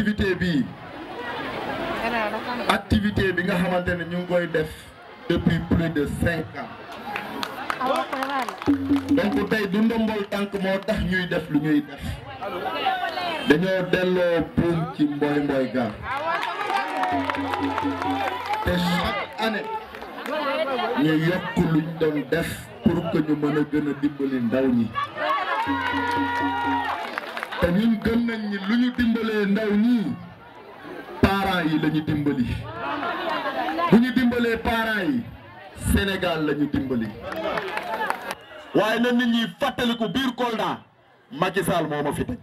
activité bi activité bi nga xamante ne ñu ngi koy def depuis plus de cinq ans tey du ndombol tànk moo tax ñuy def lu ñuy def dañoo delloo buum ci mboy mboy ga te chaque année ñu yokk luñ doon def pour que ñu mën a gën a dimbali ndaw ñi te ñun gën nañ ni lu ñu dimbalee ndaw ñii parents yi la dimbali bu ñu dimbalee parents yi Sénégal la dimbali. waaye na nit ñi fàttaliku biir Kolda Macky Sall moo ma fi teg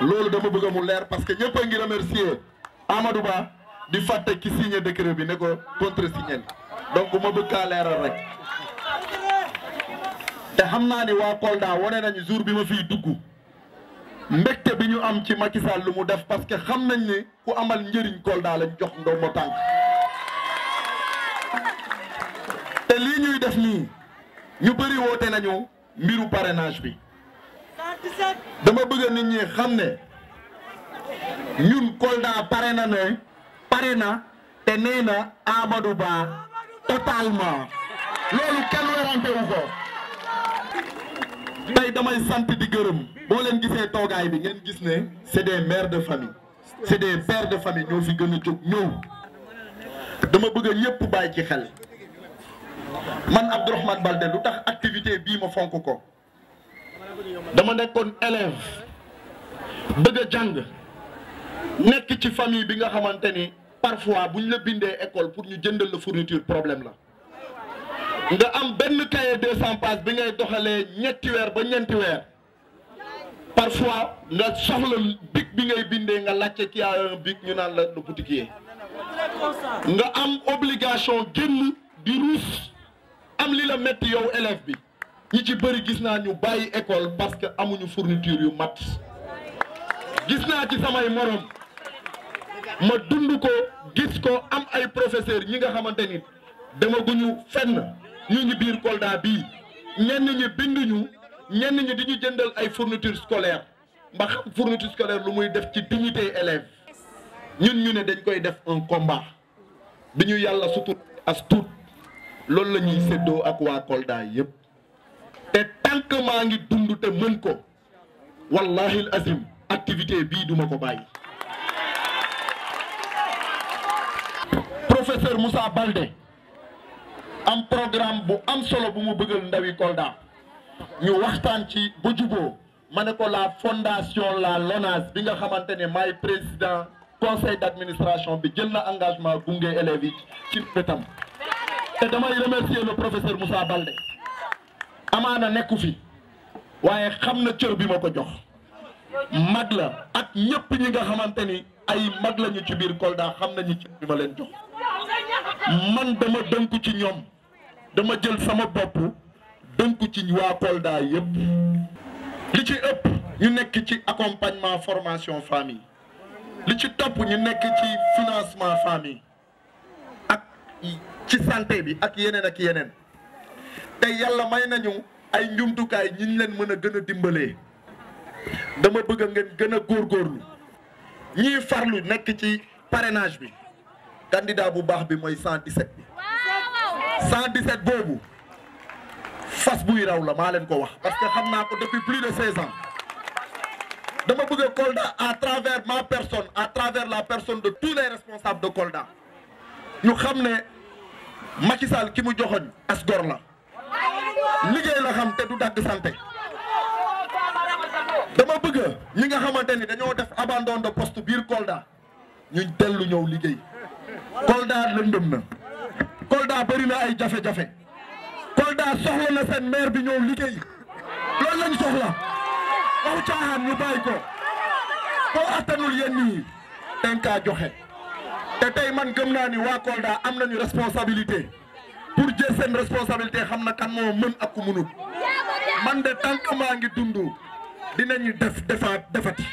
loolu dama bëgg mu leer parce que ñëpp ngi remercier Amadou Ba di fàtte ci signé décret bi ne ko contresigné donc ma bëgg leeral rek te xam naa ni waa Kolda wane nañu jour bi ma fiy dugg. mbégte bi ñu am ci Macky lu mu def parce que xam nañ ni ku amal njëriñ Kolda lañ jox ndombo tànk te lii ñuy def nii ñu bëri woote nañu mbiru parenage bi dama bëgg nit ñi xam ne ñun Kolda pare na ne pare na te nee na Amadou Ba totalement loolu kenn werante ko tey damay sant di gërëm boo leen gisee toogaay bi ngeen gis ne c'est des mères de famille c'est des pères de famille ñoo fi gën a jóg ñëw dama bëgg a bàyyi ci xel man Abdourahmane Baldé lu tax activité bii ma fonk ko dama nekkoon élève bëgg a jàng nekk ci famille bi nga xamante ni parfois bu ñu la bindee école pour ñu jëndal la fourniture problème la nga am benn cahier des pages bi ngay doxalee ñetti weer ba ñeenti weer parfois nga soxla bic bi ngay bindee nga laajte ki a un bic ñu naan la le boutiquier nga am obligation génn di ruus am li la métti yow élève bi ñi ci bëri gis naa ñu bàyyi école parce que amuñu fourniture yu mat gis naa ci samay morom ma dund ko gis ko am ay professeur ñi nga xamante ni demaguñu fenn ñu ñu biir Kolda bii ñenn ñi binduñu ñenn ñi di ñu jëndal ay fourniture scolaire mba xam fourniture scolaire lu muy def ci dignité élève ñun ñu ne dañ koy def un combat bi ñu yàlla sutur as tuut loolu la ñuy séddoo ak waa Kolda yëpp te tant maa ngi dund te mën ko wallahi azim activité bii duma ko bàyyi. professeur Moussa Balde. am programme bu am solo bu mu bëggal ndawi Kolda ñu waxtaan ci bu juboo ma ne ko la fondation la LONASE bi nga xamante ne maay président conseil d'administration bi jël na engagement gunge élèves yi ci wetam te damay remercier le professeur Moussa Balde amaana nekku fi waaye xam na cër bi ma ko jox mag la ak ñëpp ñi nga xamante ni ay mag lañu ci biir Kolda xam nañu ci bi ma leen jox man dama dënku ci ñoom dama jël sama bopp dënku ci waa Kolda yëpp li ci ëpp ñu nekk ci accompagnement formation famille li ci topp ñu nekk ci financement famille ak ci santé bi ak yeneen ak yeneen te yàlla may nañu ay njumtukaay ñi leen mën a gën a dimbalee dama bëgg ngeen gën a góorgóorlu ñii farlu nekk ci parrainage bi candidat bu baax bi mooy 117 bi 117 boobu fas buy raw la maa leen ko wax parce que xam naa ko depuis plus de 16 ans dama bëgg Kolda à travers ma personne à travers la personne de tous les responsables de Kolda ñu xam ne Macky Sall ki mu joxoñ as la liggéey la xam te du dagg santé dama bëgg ñi nga xamante ni dañoo def abandon de post biir Kolda ñu dellu ñëw liggéey Kolda lëndëm na. Kolda bëri na ay jafe-jafe Kolda soxla na seen maire bi ñëw liggéey loolu lañ soxla waxu caaxaan ñu bàyyi ko koo attanul yéen nii dañ kaa joxe te tey man gëm naa ni waa Kolda am nañu responsabilité pour jël seen responsabilité xam na kan moo mën ak ku munut man de tant que maa ngi dund dinañu def defaat defati.